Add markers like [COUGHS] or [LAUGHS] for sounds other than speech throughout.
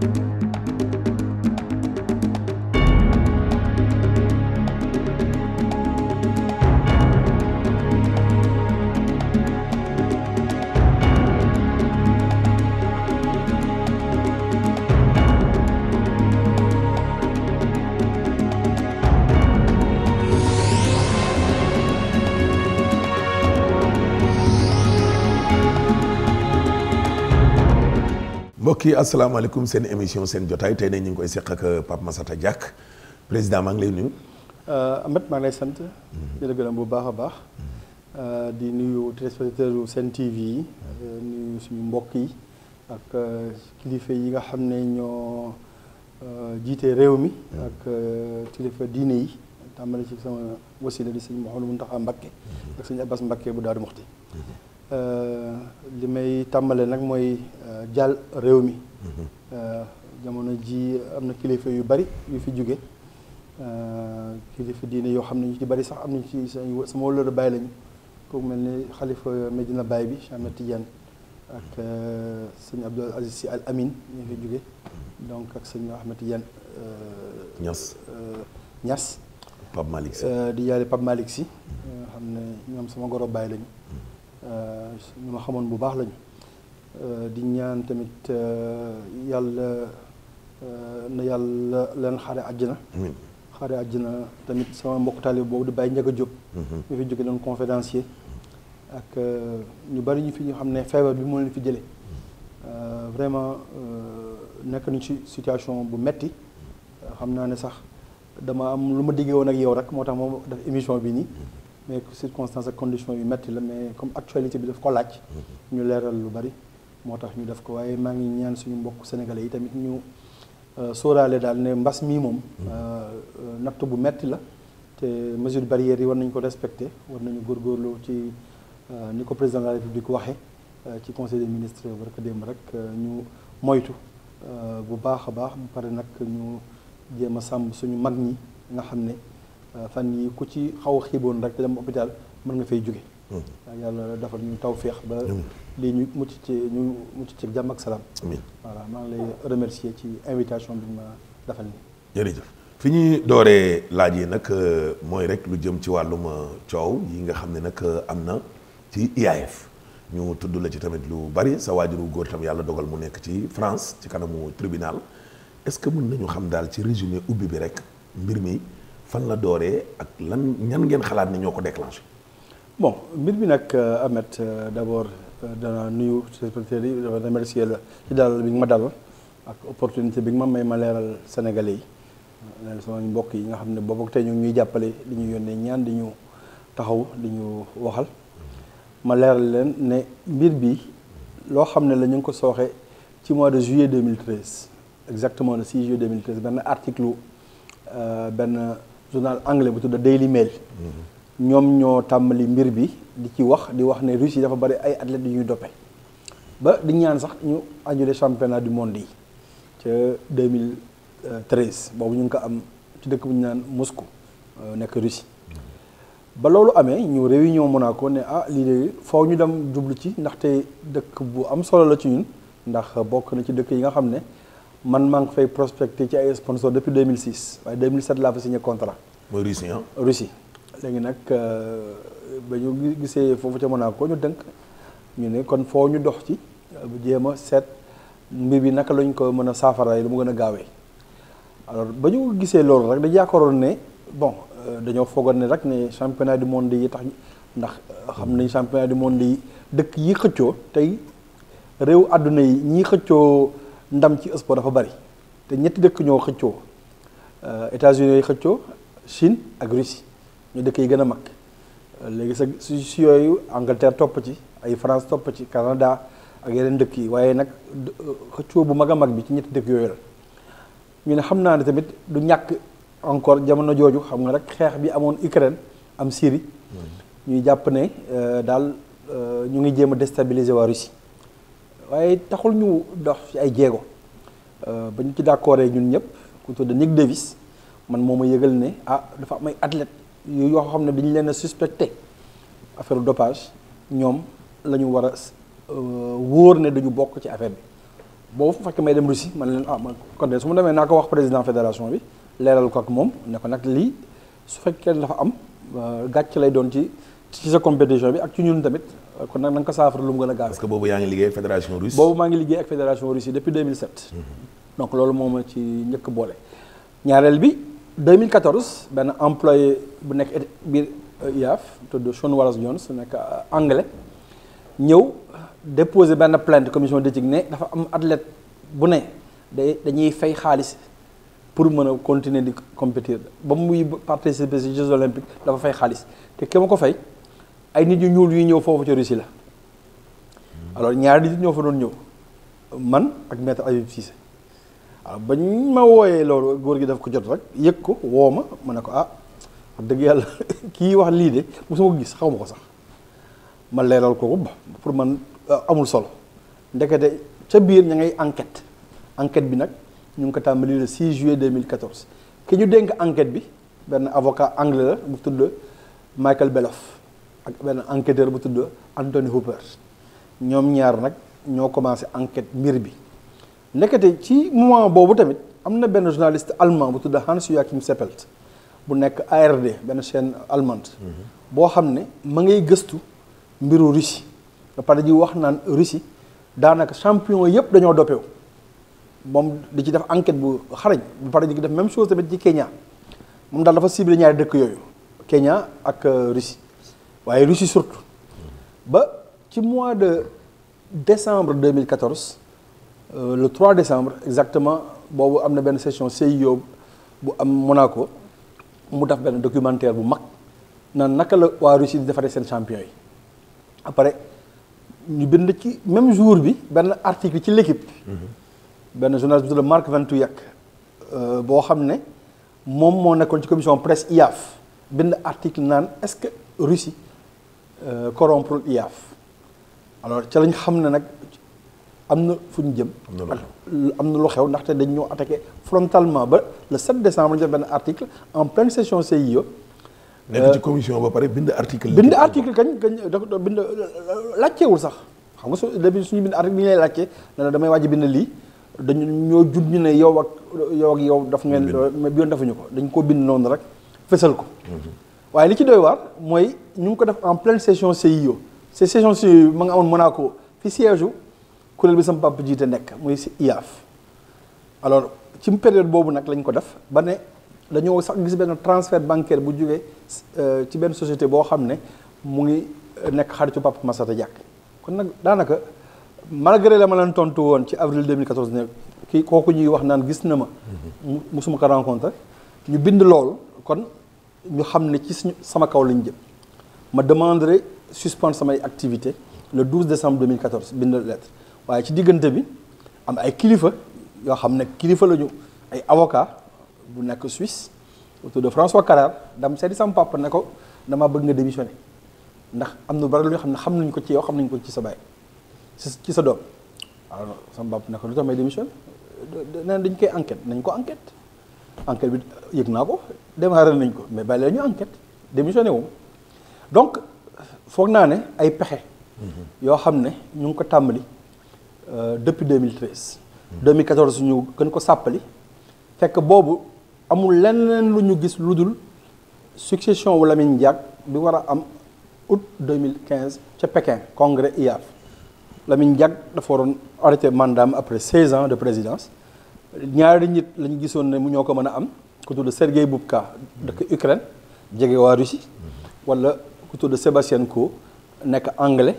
thank you mbokk yi asalaamaaleykum seen émission seen jotaay tey ne ngi koy seq ak uh, Pape Massata Diack président maa ngi lay nuyu. Amath uh, maa ngi lay sant. Mm-hmm. di la bu baax a baax. Mm-hmm. Uh, di nuyu téléspectateur yu seen TV yi. nuyu suñu mbokk yi ak kilifa yi nga xam ne ñoo jiite réew mi. ak kilifa diine yi. tàmbali ci sama wasila di sëñ Mouhamadou Mountakha Mbacké. Mm-hmm. ak sëñ Abbas Mbacké bu Daaru Muxti Euh, li may tàmbale nag mooy euh, jàll réew mi euh, jamono ji am na kilifa yu bari yu fi jóge kilifa diine yoo xam ne ñu ci bari sax am nañ ci sama wëllëre baay lañu ko mel ni xalifa Medina Baay bi Cheikh Ahmed sëñ Abdoul Aziz Amin ñu fi jóge donc ak sëñ Ahmed Tidiane Niass Niass Pape Malick Sy di yàlla Pape Malick Sy xam ñoom sama goro baay lañu Euh, ñu ma xamoon bu baax lañu euh, di ñaan tamit euh, yàlla na yàlla leen xaare àjjana xaare na tamit sama mbokk taalib boobu di bàyyi njëkk a jóg ñu fi jóge doon conférencier ak ñu bari ñu fi ñu xam ne feebar bi moo leen fi jële vraiment nekk nañu ci situation bu metti xam naa ne sax dama am lu ma diggee woon ak yow rek moo tax moom def émission bi nii mais circonstances ak condition yu métti la mais comme actualité bi daf ko laaj. ñu leeral lu bari moo tax ñu def ko waaye maa ngi ñaan suñu mbokk sénégalais yi tamit ñu euh, sooraalee daal ne mbas mii moom. Mm-hmm. Euh, natt bu metti la. te mesure barrières yi war nañu ko respecté war nañu góorgóorlu ci euh, ni ko président de la république waxee ci conseil des ministres barka démb rek ñu moytu bu baax a baax bu pare nag ñu jéem a sàmm suñu mag ñi nga xam ne. Euh, fan yi ku ci xaw a xiiboon rek te dem hôpital mën nga fay jóge hmm. euh, yàlla defal ñu taw ba lii ñu mucc ci ñu mucc ci jàmm ak salaam voilà maa ngi lay remercier ci invitation bi ma defal nii jërëjëf fi ñuy dooree laaj yi nag euh, mooy rek lu jëm ci wàllum coow yi nga xam ne nag am na ci IAAF ñu tudd la ci tamit lu bari sa waajuru góor tam yàlla dogal mu nekk ci France ci kanamu tribunal est-ce que mën nañu xam daal ci résumé ubbi bi rek mbir mi fan la dooree ak lan ñan ngeen xalaat ni ñoo ko déclenché. bon mbir bi nag euh, Ameth euh, d' abord euh, dana nuyu secrétaire yi dafa remercier la ci dalal bi nga ma dalal ak opportunité bi nga ma may ma leeral Sénégalais yi. leen sama mbokk yi nga xam ne boobu tey ñu ngi ñuy jàppale di ñu yónnee ñaan di ñu taxaw di ñu waxal ma leeral leen ne mbir bi loo xam ne la ñu ngi ko sooxee ci mois de juillet 2013 exactement le 6 juillet 2013 benn article benn. journal anglais bu tudd Daily Mail. ñoom ñoo tàmbali mbir bi di ci wax di wax ne Russie dafa bari ay athlètes yu ñuy doppe ba di ñaan sax ñu annulé championnat du monde yi ca 2013 boobu ñu ngi ko am ci dëkk bu ñu naan Moscou euh, nekk Russie. ba loolu amee ñu réunion ko ne ah lii de foo ñu dem jublu ci ndaxte dëkk bu am solo la ci ñun ndax bokk na ci dëkk yi nga xam ne. man maa ngi fay prospecté ci ay sponsor depuis 2006 waaye 2007 laa fa signé contrat. mooy Russie ah. Russie léegi nag euh, ba ñu gisee foofu ca Monaco ñu dënk ñu ne kon foo ñu dox ci euh, bu jéem a seet mbir bi naka lañ ko mën a saafara saafaraay lu mu gën a gaawee alors ba ñu gisee loolu rek dañu yaakaaroon ne bon euh, dañoo foogoon ne rek ne championnat du monde yi tax ndax xam nañ championnat du monde yi dëkk yi xëccoo tey réew àdduna yi ñii xëccoo. ndam ci sport dafa bari te ñetti dëkk ñoo xëccoo euh, États-Unis yooyu xëccoo Chine ak Russie ñu dëkk yi gën a mag euh, léegi sa su si yooyu Angleterre topp ci ay France topp ci Canada ak yeneen dëkk yi waaye nag euh, xëccoo bu mag a mag bi ci ñetti dëkk yooyu la ñu ne xam naa ne tamit du ñàkk encore jamono jooju xam nga rek xeex bi amoon Ukraine am Syrie ñuy jàpp ne daal ñu ngi jéem a déstabiliser waa Russie waaye taxul ñu dox ci ay jéego euh, ba ñu ci d'accord ñun ñëpp ku tudd Nick Davis man moom ma yëgal ne ah dafa am ay athlètes yoo xam ne dañu leen a suspecté affaire dopage ñoom lañu ñu war a euh, wóor ne dañu bokk ci affaire bi boobu fekk may dem Russie man leen ah man kon de su ma demee naa ko wax président fédération bi leeral ko ak moom ne ko nag lii su fekkee dafa am euh, gàcc lay doon ci ci sa compétition bi ak ci ñun tamit kon nag na ko saafara lu mu gën a gaaw parce que boobu yaa ngi liggéey ak fédération russe boobu maa ngi liggéey ak fédération russe depuis mhm. donc loolu moo ma ci njëkk boole ñaareel bi 2014 benn employé bu nekk biir euh, IAAF tudd Sean Wallace Jones nekk euh, anglais ñëw déposé benn plainte commission d'éthique ne dafa am atlet bu ne day dañuy fay xaalis pour mën a continuer di compétir ba muy participer ci Jeux olympiques dafa fay xaalis te ki ma ko fay ay nit yu ñuul yuy ñëw foofu ca Russie la alors ñaari nit ñoo fa doon ñëw man ak maître Habib Cissé waaw ba ñu ma wooyee loolu góor gi daf ko jot rek yëg ko woo ma ma ne ko ah dëgg yàlla [LAUGHS] kii wax lii de mosuma ko gis xaw ma ko sax ma leeral ko ba pour man euh, amul solo ndekete ca biir ña ngay enquête enquete bi nag ñu ngi ko tàmbali le de juillet 2014 ki ñu dénk enquête bi benn avocat anglais la bu tudd Michael Beloff ak benn enquêteur bu tudd Anthony Hooper ñoom ñaar nag ñoo commencé enquête mbir bi ndekete ci moment boobu tamit am na benn journaliste allemand bu tudd Hans Joachim Seppelt bu nekk ARD benn chaîne allemande mhm. boo xam ne ma ngay gëstu mbiru Russie ba pare ji wax naan Russie daanaka champion yëpp dañoo doppeewu moom di ci def enquête bu xarañ ba pare ji def même chose tamit ci Kenya moom daal dafa ciblé ñaari dëkk yooyu Kenya ak euh, Russie waaye Russie surtout ba ci mois de décembre 2014 euh, le 3 décembre exactement boobu am na benn session CIO bu am Monaco mu def benn documentaire bu mag naan naka la waa Russie di defaree seen champion yi après ñu bind ci même jour bi benn article ci l'équipe mm-hmm. benn journaliste bu vingt Marc Ventouillac euh, boo xam ne moom moo nekkoon ci commission presse IAAF bind article naan est-ce que Russie Euh, corrompre IAAF alors ca lañ xam ne nag am na fu ñu jëm. am na lu xew ndaxte dañ ñoo attaqué frontalement ba le 7 décembre ñu def benn article en pleine session CIO. E. nekk ci euh, commission ba pare bind article. bind article kañ kañ da bind laajteewul sax xam nga su dee suñu bind article bi ñu lay laajte ne la damay waaj bind lii dañu ñoo jub ñu ne yow ak yow ak yow. daf ngeen mais yoon defuñu ko dañ koo bind noonu rek fësal ko. Mhm. waaye li ci doy waar mooy ñu ngi ko def en pleine session CIO ces session CIO ma nga amoon Monaco fi siège u kuréel bi sama papa jiite nekk muy IAAF alors ci période boobu nag lañ ko def ba ne dañoo sax gis benn transfert bancaire bu jógee euh, ci benn société boo xam ne mu ngi euh, nekk xaritu papa Massata Diack kon nag daanaka malgré la ma leen tontu woon ci avril 2014 ne kii kooku ñuy wax naan gis na ma. Mm-hmm. musuma ko rencontré ñu bind loolu kon. ñu xam ne ci suñu sama kaw lañu jëm ma demanderai suspendre samay activité le 12 décembre 2014 bind lettre waaye ci diggante bi am ay kilifa yoo xam ne kilifa lañu ay avocat bu nekk Suisse autour de François Carrare dam seeti sam papa ne ko dama bëgg nga démissionné ndax am nu bari lu ñu xam ne xam nañ ko ci yow xam nañ ko ci sa baay ci sa doom alors sama papa ne ko lu tax may démissionné nee dañ koy enquête nañ ko enquête enquête bi yëg naa ko démarré nañ ko mais bàyyi la ñu enquête donc foog naa ne ay pexe yoo xam ne ñu ngi ko tàmbali euh, depuis 2013 2014 hmm. ñu gën ko sàppali fekk boobu amul leneen lu ñu gis lu dul succession wu Lamine Ndiack bi war a am août 2015 ca Pékin congrès IAAF Lamine Ndiack dafa waroon arrêté mandaam après 16 ans de présidence ñaari nit lañ gisoon ne mu ñoo ko mën a am ku tudd Sergei Bubka dëkk Ukraine jege waa Russie wala ku tudd Sébastien Coe nekk anglais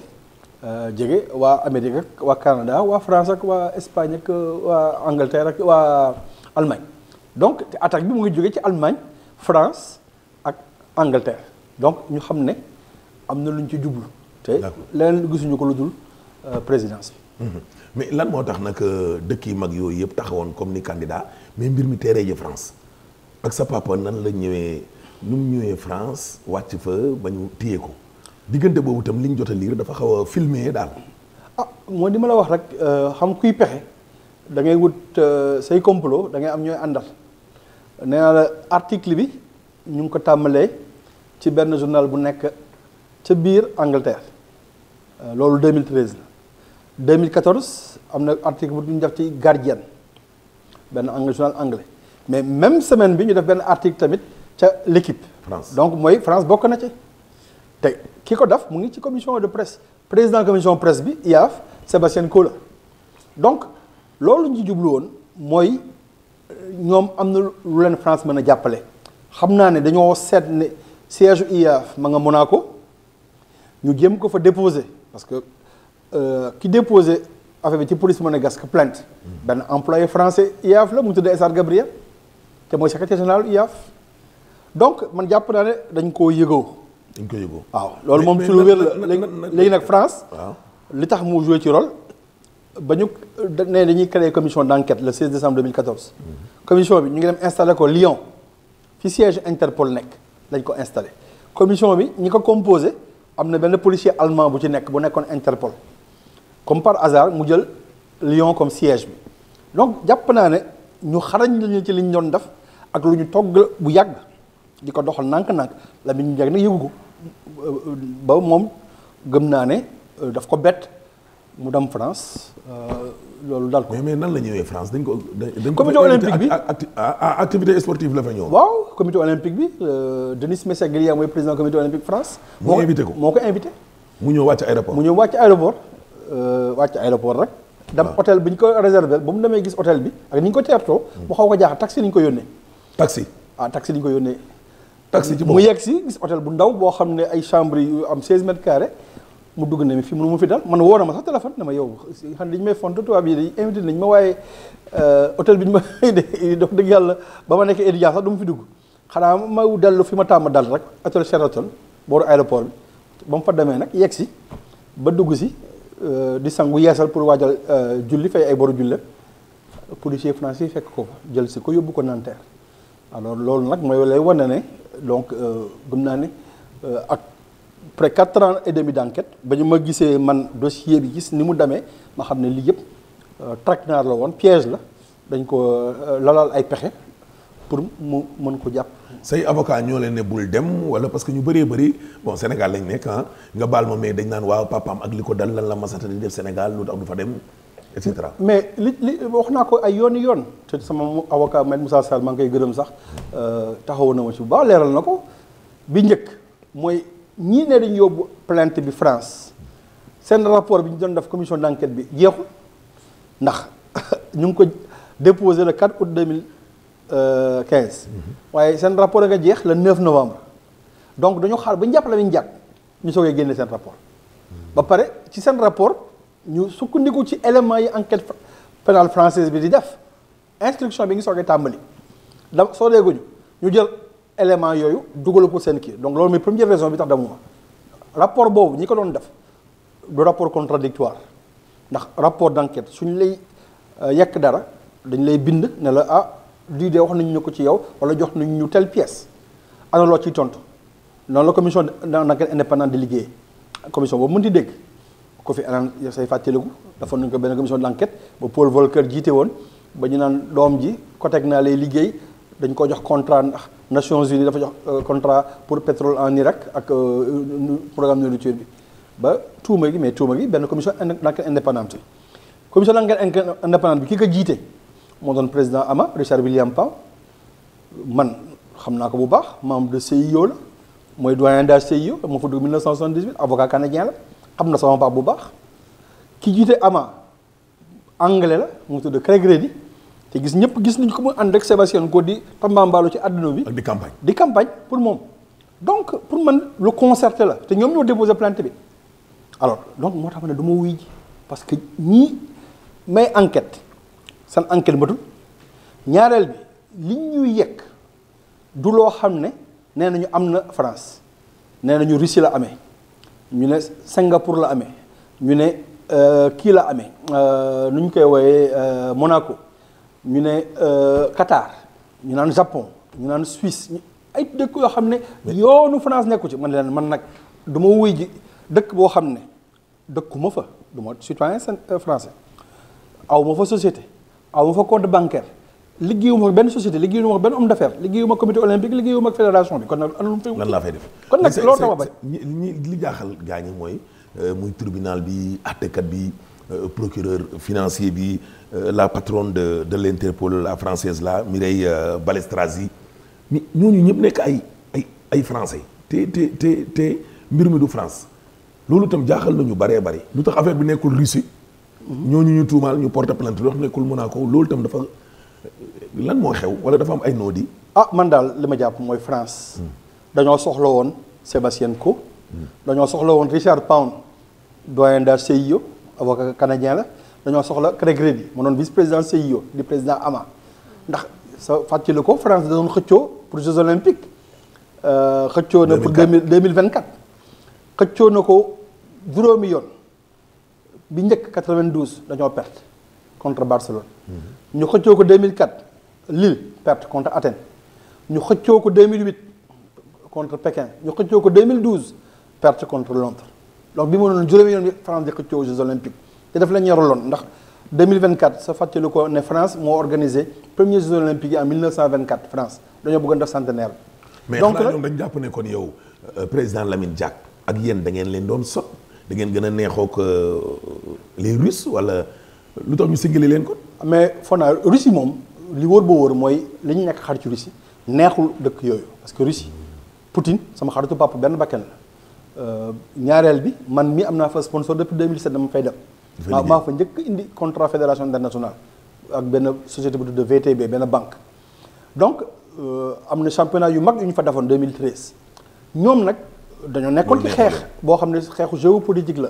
euh, jege waa Amérique ak waa Canada waa France ak waa Espagne ak euh, waa Angleterre ak waa Allemagne donc te attaque bi mu ngi jóge ci Allemagne France ak Angleterre donc ñu xam ne am na lu ñu ci jublu te leneen gisuñu ko lu dul euh, présidence bi mm-hmm. mais lan moo tax nag euh, dëkk yi mag yooyu yëpp taxawoon comme ni candidat mais mbir mi teeree ji France ak sa papa nan la ñëwee nu mu ñëwee France wàcc fa ba ñu téye ko diggante boobu itam li ñu jot a dafa xaw a filmé daal. Ah, moo di ma la wax rek euh, xam kuy pexe dangay ngay wut euh, say complo da ngay am ñooy àndal nee la article bi ñu ngi ko tàmbalee ci benn journal bu nekk ca biir Angleterre loolu 2013 la. 2014 am na article bu ñu def ci Guardian benn anglais journal anglais mais même semaine bi ñu def benn article tamit ca l'équipe France donc mooy France bokk na ci te ki ko def mu ngi ci commission de presse président commission presse bi IAAF Sébastien Cola donc loolu ñu jublu woon mooy euh, ñoom am na lu leen France mën a jàppale xam naa ne dañoo seet ne siège IAAF ma nga Monaco ñu jëm ko fa déposer parce que ki euh, déposé affaire bi ci police monégasque plant benn employé français IAAF la mu tudd Essar Gabriel te mooy secrétaire général IAAF donc man jàpp naa ne dañ koo yëgoo. dañ ko yëgoo waaw loolu moom ci lu wér la léegi nag France. li tax mu joué ci rôle. ba ñu ne dañuy créé commission d' enquête le 16 décembre 2014. commission bi ñu ngi dem installé ko Lyon fi siège Interpol nekk lañ ko installé commission bi ñu ko composé am na benn policier allemand bu ci nekk bu nekkoon Interpol. comme par hasard mu jël Lyon comme siège bi donc jàpp naa ne ñu xarañ lañu ci liñ doon def ak lu ñu togg bu yàgg di ko doxal nànk-nànk la ñu njëkk nag yëgu ko ba moom gëm naa ne euh, daf ko bett mu dem France euh, loolu dal ko. nan la ñëwee France dañ ko dañ ko. comité olympique bi activité sportive la fa ñëw. waaw comité olympique bi euh, Denis Messeglia mooy président comité olympique France. moo invité ko moo ko invité. mu ñëw wàcc aéroport mu ñëw wàcc aéroport. Euh, wàcc aéroport rek. Ah. dem hôtel bi ñu ko réservé ba mu demee gis hôtel bi ak ni ñu ko teertoo. mu xaw ko jaaxal taxi ni ñu ko yónnee. taxi ah taxi ni ñu ko yónnee. taxi ci mu yegg si gis bu ndaw boo xam ne ay chambre yu am 16 mètres mu dugg ne mi fi mu fi dal man woo na ma sax téléphone ne yow xam ne dañu may font tubaab yi dañu invité nañ ma waaye euh, hôtel [LAUGHS] dëgg yàlla ba ma nekk étudiant sax du ma fi dugg xanaa ma dellu fi ma tàmm dal rek hôtel Sheraton booru aéroport bi ba mu fa demee nag yegg si ba dugg si Euh, di sangu yeesal pour waajal euh, julli fay ay boru julle policier français fekk ko jël si ko yóbbu ko Nanterre alors loolu nag mooy lay wane ne donc euh, gëm naa ne ak près quatre ans et demi d' enquête ba ñu ma gisee man dossier bi gis ni mu demee ma xam ne lii yëpp traquenard la woon piège la dañ ko lalal ay pexe pour mu mën ko jàpp. say avocat ñoo leen ne bul dem wala parce que ñu bëree bëri bon Sénégal lañ nekk ah, nga baal ma mais dañ naan waaw papaam ak li ko dal lan la masata di def Sénégal lu tax du fa dem et cetera. mais li li wax naa ko ay yooni yoon te sama avocat Maître Moussa Sall maa ngi koy gërëm sax euh, taxawoon na ma si bu baax leeral na ko bi njëkk mooy ñii ne dañ yóbbu plainte bi France seen rapport bi ñu doon def commission d' enquête bi jeexul ndax [LAUGHS] ñu ngi ko déposé le 4 août 2000. 15. Euh, waaye seen rapport nga jeex le 9 novembre. donc dañu xaar ba ñu jàpp la ñu jàpp ñu soogee génne seen rapport. ba pare ci seen rapport ñu sukkandiku ci éléments yi enquête pénale française bi di def instruction bi ngi soogee tàmbali. da soo deeguñu ñu jël élément yooyu dugal ko seen kii donc loolu mooy première raison bi tax demuma rapport boobu ñi ko doon def du rapport contradictoire ndax rapport d' enquête suñu lay euh, yekk dara dañ lay bind ne la ah. lii dee wax nañu ñu ko ci yow wala jox nañu ñu telle pièce ana loo ciy tontu noonu la commission d'enquête indépendant di liggéey commission boobu mënut a dégg ko fi anaan say fàttaliku dafa nañ ko benn commission d'enquête ba Paul Volcker jiite woon ba ñu naan doom ji COTEC naa lay liggéey dañ ko jox contrat ndax Nations Unies jox euh, contrat pour pétrole en Irak ak euh, programme nourriture bi ba tuuma gi mais tuuma gi benn commission d'enquête indépendante commission bi ki ko jiite. moo doon président AMA Richard William Pam man xam naa ko bu baax membre de CIO la mooy doyen d'âge CIO moo fa dugg 1978 avocat canadien la xam na sama pap bu baax ki jiite AMA anglais la mu tudd Craig Reddy te gis ñëpp gis nañ ko mu ànd ak Sébastien ko di tambambaalu ci àdduna bi. di campagne di campagne pour moom. donc pour man lu concerté la te ñoom ñoo déposé plainte bi alors donc moo tax ma ne du ma wuy ji parce que ñii may enquête. seen enquête matul ñaareel bi liñ ñuy yekk du loo xam ne nee nañu am na France nee nañu Russie la amee ñu ne Singapour la amee ñu ne euh, kii la ame euh, nu ñu koy wooyee euh, Monaco ñu ne Qatar ñu naan Japon ñu naan Suisse ay dëkk yoo xam ne yoonu France nekku ci man leen man nag du ma wuy ji dëkk boo xam ne dëkkuma fa du ma citoyen français aw ma fa société aw ma fa compte bancaire liggéeyuma fa benn société liggéeyuma fa benn homme d'affaires liggéeyuma comité olympique liggéeyuma fédération bi kon nag alum def kon nag loolu tax ma bañ ñi li jaaxal gaa ñi mooy euh, muy tribinal bi àttekat bi euh, procureur financier bi euh, la patronne de de l'Interpol la française la Mireille Balestrazi mi ñooñu ñëpp nekk ay ay ay français te te te te mbir mi du France loolu tam jaaxal na ñu bëree bëri lu tax affaire bi nekkul Russie ñooñu ñu tuumaal ñu porte plainte wax nekkul Monaco loolu tam dafa lan moo xew wala dafa am ay noodi. ah man daal li ma jàpp mooy France. Hmm. dañoo soxla woon Sébastien Coe. Hmm. dañoo soxla woon Richard Pound doyen de CIO avocat canadien la dañoo soxla Craig Reedy moo doon vice président CIO di président AMA ndax sa fàttali ko France da doon xëccoo pour Jeux olympiques. Euh, xëccoo na pour deux mille vingt quatre xëccoo na ko juróomi yoon. bi njëkk 92 dañoo perte contre Barcelone. ñu xëccoo ko 2004 Lille perte contre Athènes ñu xëccoo ko 2008 contre Pékin ñu xëccoo ko 2012 perte contre Londres donc bi mu noonu juróomi yoon bi France di xëccoo Jeux olympiques te daf la ñoraloon ndax 2024 sa fàttali ko ne France moo organisé premier Jeux olympiques yi en 1924 France dañoo bëggoon def centenaire bi. donc mais xanaa ñoom dañu jàpp ne kon yow euh, président Lamine Diack ak yéen da ngeen leen doon sot da ngeen gën a neexoo que euh, les Russes wala lu tax ñu singali leen ko. mais Fona Russie moom li wóor boo wóor mooy li ñu nekk xarit ci Russie neexul dëkk yooyu parce que Russie Poutine sama xaritu papa benn bakken la euh, ñaareel bi man mi am naa fa sponsor depuis 2007 dama fay dem. maa maa fa njëkk indi contrat fédération internationale ak benn société bu de VTB benn banque donc euh, am na championnat yu mag yu ñu fa defoon 2013 ñoom nag. dañoo nekkoon ci xeex boo xam ne xeexu géopolitique la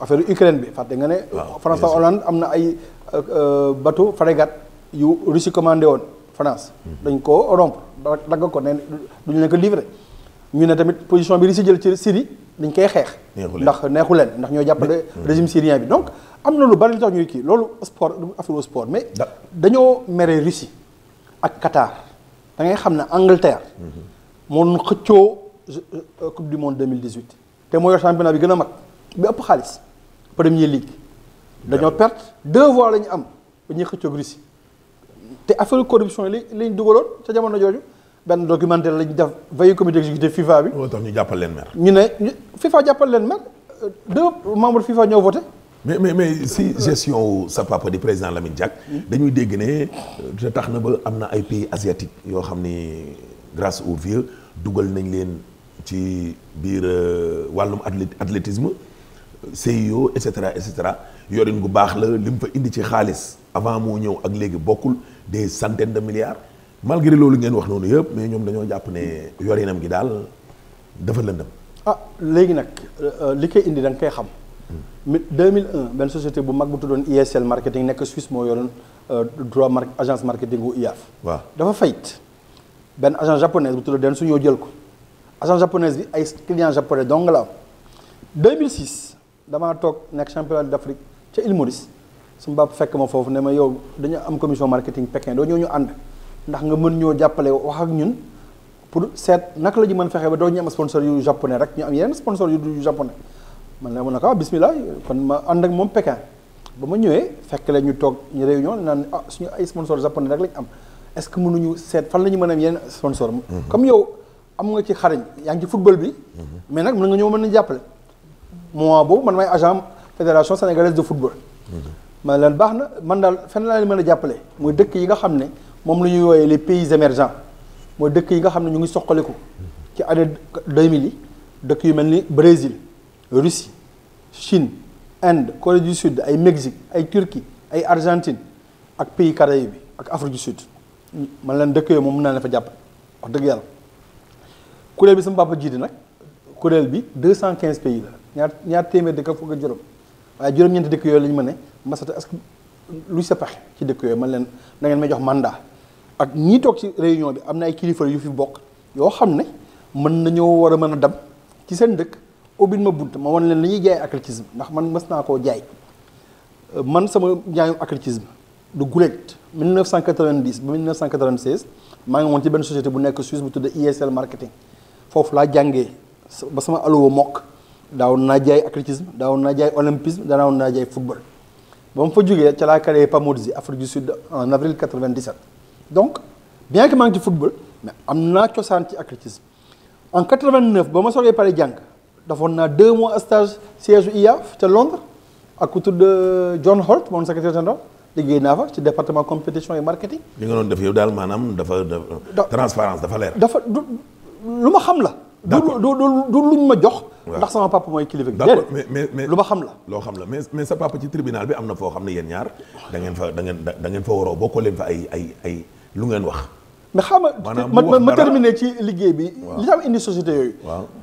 affaire Ukraine bi fàtte nga ne François Hollande am na ay euh, bateau frégate yu Russie commandé woon France mhm. dañ ko rompre dagg ko ne duñu leen ko ñu ne tamit position bi Russie jël ci Syrie dañ koy xeex ndax neexu leen ndax ñoo jàppale régime mhm. syrien bi donc am na lu bari li tax ñuy kii loolu sport affaire sport mais dañoo mere Russie ak Qatar da ngay xam ne Angleterre mhm. moom xëccoo Euh, coupe du monde 2018 te moo yor championnat bi gën a mag bi ëpp xaalis première ligue dañoo perte deux voix la ñu am ba ñuy xëccoog te affaire corruption li lañ dugaloon ca jamono jooju benn documentaire lañ def veille comité exécutif FIFA bi. loolu tax ñu jàppal leen mer. ñu ne FIFA jàppal leen mer euh, deux membres FIFA ñoo voté. mais mais mais si gestion wu sa papa di président Lamine Diack. Hmm. dañuy dégg ne euh, tax na ba am na ay pays asiatiques yoo xam ni grâce au vieux dugal nañ leen. ci biir euh, wàllum athlétisme CIO et cetera et cetera yorin gu baax la lim mu fa indi ci xaalis avant moo ñëw ak léegi bokkul des centaines de milliards malgré loolu ngeen wax noonu yëpp mais ñoom dañoo jàpp ne yorinam gi daal dafa lëndëm. ah léegi nag euh, li koy indi da koy xam. mille 2001 benn société bu mag bu tuddoon ISL marketing nekk Suisse moo yoroon euh, droit mar agence marketing wu IAAF. waaw dafa fayit benn agence japonaise bu tuddoon den su ñoo jël ko. agent japonaise bi ay client japonais donc la am 2006 damaa toog nekk championnat d'Afrique ca Île Maurice su ma fekk ma foofu ne ma yow dañu am commission marketing Pékin doo ñëw ñu ànd ndax nga mën ñoo jàppale wax ak ñun pour seet naka la ñu mën fexe ba doo ñu am sponsor yu japonais rek ñu am yeneen sponsor yu du japonais man la ma ne ah bismillah kon ma ànd ak moom Pékin ba ma ñëwee fekk la ñu toog ñu réunion naan ah suñu ay sponsor japonais rek la ñu am est-ce que mënuñu seet fan la ñu mën a am yeneen sponsor mm-hmm. comme yow am nga ci xariñ yaa ngi ci football bi. mais nag mën nga ñëw mën nañu jàppale. moment boobu man may agent fédération sénégalaise de football. man leen baax na man daal fenn laa mën a jàppale mooy dëkk yi nga xam ne moom la ñuy wooyee les pays émergents mooy dëkk yi nga xam ne ñu ngi soqaliku. ci année 2000 yi dëkk yu mel ni Brésil Russie Chine Inde Corée du Sud ay Mexique ay Turquie ay Argentine ak pays Caraïbes bi ak Afrique du Sud man leen dëkk yooyu moom mun naa leen fa jàppale wax dëgg yàlla. kuréel bi sama papa jiite nag kuréel bi 215 pays la ñaar ñaar téeméer dëkk a fukk ak juróom waaye juróom-ñeenti dëkk yooyu la ñu mën ne Massata est-ce lu sa pexe ci dëkk yooyu man leen nangeen ngeen may jox mandat ak ñii toog ci réunion bi am na ay kilifa yu fi bokk yoo xam ne mën nañoo war a mën a dem ci seen dëkk ubbil ma bunt ma wan leen li ñuy jaay athlétisme ndax man mës naa koo jaay man sama njaayum athlétisme du gulet 1990 ba 1996 maa ngi woon ci benn société bu nekk Suisse bu tudd ISL marketing foofu laa jàngee ba sama alluwa mokk daaw naa jaay athlétisme daaw naa jaay daa daaw naa jaay football ba mu fa jógee ca laa créé Pamodzi Afrique du Sud en avril 97 donc bien que maa ngi ci football mais am naa cosaan ci athlétisme en 89 ba ma soogee pare jàng defoon naa deux mois stage siège IAAF ca Londres ak ku tudd euh, John Holt moom secrétaire général liggéey naa fa ci département compétition et marketing. li nga doon lu ma xam la. d'accord du du luñ ma jox. ndax sama papa mooy kilifa gi. d'accord mais mais mais lu ma xam la. loo xam la mais mais sa papa ci tribunal bi am na foo xam ne yéen ñaar da ngeen fa da ngeen da ngeen fa waroo bokkoo leen fa ay ay ay lu ngeen wax. mais xam nga ma ma terminé ci liggéey bi. li tax indi société yooyu.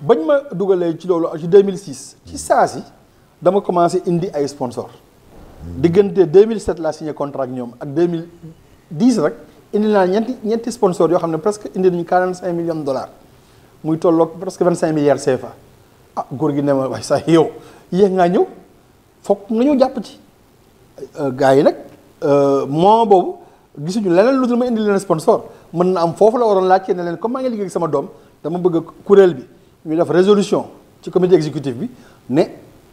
bañ ma dugalee ci loolu ci 2006. ci saa si dama commencé indi ay sponsor hmm. diggante 2007 laa signé contrat ak ñoom ak 2010 rek indi naa ñeenti ñeenti sponsor yoo xam ne presque indi nañu 45 millions de dollars. muy tolloog presque vingt cinq milliards CFA ah góor gi ne ma waaye sax yow yéex ngaa ñëw foog nga ñëw jàpp ci euh, gars yi nag euh, moment boobu gisuñu leneen lu dul ma indi leen sponsor mën na am foofu la waroon laajte ne leen comme maa ngi liggéey sama doom dama bëgg kuréel bi ñu def résolution ci comité exécutif bi ne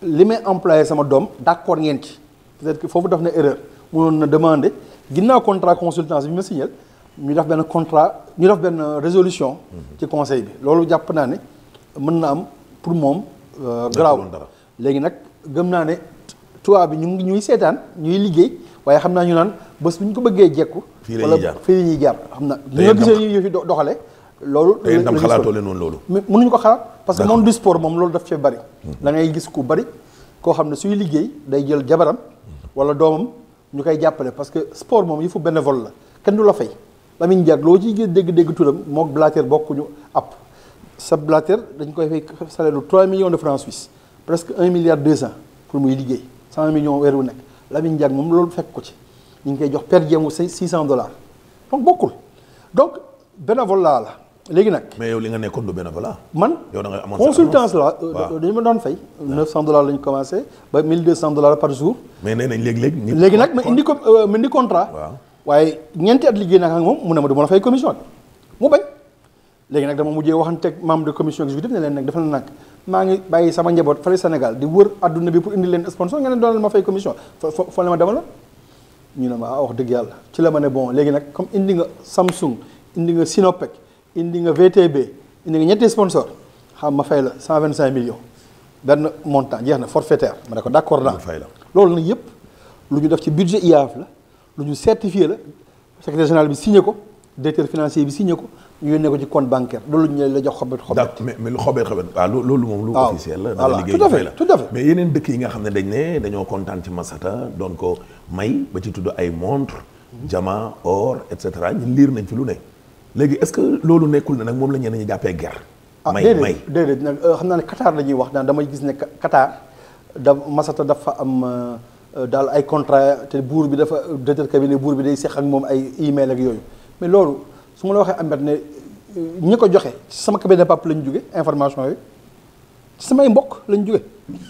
li may employé sama doom d'accord ngeen ci peut que foofu def na erreur mënoon na demander ginnaaw contrat consultance bi ma signal ñu def benn contrat ñu def benn résolution. Mhm. ci conseil bi loolu jàpp naa ne mën na am pour moom. Euh, garaaw léegi nag gëm naa ne tubaab bi ñu ngi ñuy seetaan ñuy liggéey waaye xam naa ñu naan bés bu ñu ko bëggee jekku. fii la ñuy jaar fii la ñuy jaar xam na ñu nga gisee ñu fi doxale loolu la ñu xalaatoo leen woon loolu. mënuñu ko xalaat parce que monde du sport moom loolu daf cee bari. Mhm. da ngay gis ku bari koo xam ne suy liggéey day jël jabaram mhm. wala doomam ñu koy jàppale parce que sport moom yëfu bénévole la kenn du la fay. Lamine Diack loo ciy gis dégg-dégg turam mook Blatter bokkuñu app sa Blatter dañ koy fay salaire lu 3 millions de francs suisse presque 1 milliard 200 pour muy liggéey 100 millions weer wu nekk Lamine Diack moom loolu fekk ko ci ñu ngi koy jox per diem wu 600 dollars donc bokkul donc bénévolat la léegi nag. mais yow li nga nekkoon du bénévolat. man yow da nga amoon consultance la euh, dañu ma doon fay. 900 ah. dollars la ñu commencé ba 1200 dollars par jour. mais nee nañ léegi léegi. léegi nag euh, ma indi waaye ñeenti at liggéey naa ak moom mu ne ma du ma la fay commission mu bañ léegi nag dama mujjee waxanteeg membre de commission exécutive ne leen nag dafa la nag maa ngi bàyyi sama njaboot fële Sénégal di wër adduna bi pour indi leen sponsor nga ne doonal ma fay commission fo la ma demal ñu ne ma ah wax dëgg yàlla ci la ma ne bon léegi nag comme indi nga Samsung indi nga Sinopec indi nga VTB indi nga ñetti sponsor xam ma fay la 125 millions benn montant jeex na forfaitaire ma ne ko d'accord naa loolu nag yëpp lu ñu def ci budget IAAF la lu ñu certifié la secrétaire général bi signé ko directeur financier bi signé ko ñu yónnee ko ci compte bancaire loolu ñu la jox xobet xobet. mais mais lu xobet xobet waaw loolu moom lu officiel la. voilà yeneen dëkk yi nga xam ne dañ ne dañoo kontaan ci Masata doon ko may ba ci tudd ay montre diamant or et cetera liir nañ fi lu ne léegi est-ce que loolu nekkul ne nag moom la ñenn ñi jàppee guerre. may ah, may déedéet euh, xam naa ne Qatar la ñuy wax daan damay gis ne Qatar da Masata dafa am. Euh, Euh, daal ay contrat te buur bi dafa directeur cabinet buur bi day seq ak moom ay email ak yooyu mais loolu su ma la waxee Ameth ne euh, ñi ko joxe ci sama cabinet pap lañ jóge information yooyu ci samay mbokk lañ jóge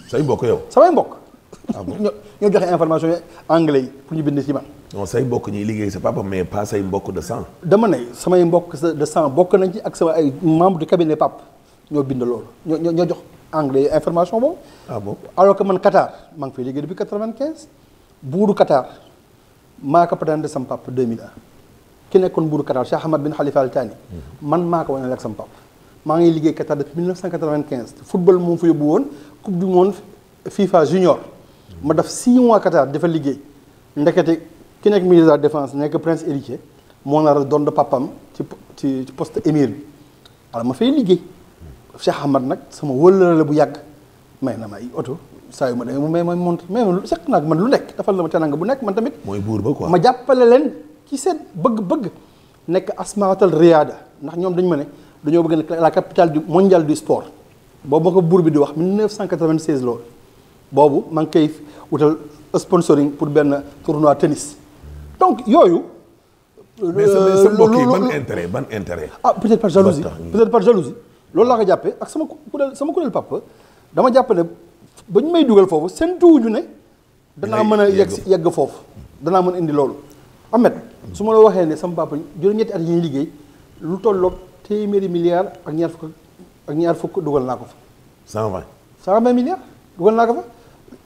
say mbokk yow samay mbokk ah [LAUGHS] ñoo joxe information yi anglais yi pour ñu bind ci man non say mbokk ñuy liggéey sa papa mais pas say mbokk de sang dama ne samay mbokk de sang bokk nañ ci ak sama ay membre du cabinet pap ñoo bind loolu ñoo ñoo jox anglais information boobu. ah bon alors que man Qatar maa ngi fay liggéey depuis quatre-vingt-quinze. buuru Qatar maa ko présenté sama papa 2001 ki nekkoon buuru Qatar Cheikh Ahmad bin Khalifa Al mhm. man maa ko wane ak sama papa. maa ngi liggéey Qatar depuis 1995 football moom fa yóbbu woon coupe du monde FIFA junior. Mhm. ma def 6 mois Qatar dafa liggéey ndekete ki nekk ministre de la défense nekk prince héritier moo nar a doon papam ci ci poste émir bi alors fay liggéey. Cheikh Ahmad nag sama wëllëre la bu yàgg may na may ay oto saa yu ma demee mu may ma montre mais man seq naa man lu nekk defal la ma teraanga bu nekk man tamit. mooy buur ba quoi ma jàppale leen ci seen bëgg-bëgg nekk asmaatul riyaada ndax ñoom dañ ma ne dañoo bëgg ne la capitale du mondial du sport boobu ma ko buur bi di wax 1996 loolu boobu ma ngi koy wutal sponsoring pour benn tournoi tennis donc yooyu. mais sa mbokk yi ban intérêt ban intérêt. ah peut-être par jalousie peut par jalousie. loolu laa ko jàppee ak sama kuréel sama kuréel papa dama jàpp ba ñu may dugal foofu seen tuuju ne danaa mën a yegg yegg foofu danaa mën a indi loolu Ahmed su ma la waxee ne sama papa juróom-ñetti at yi ñuy liggéey lu tolloog téeméeri milliards ak ñaar fukk ak ñaar fukk dugal naa ko fa cent vingt cent vingt milliards dugal naa ko fa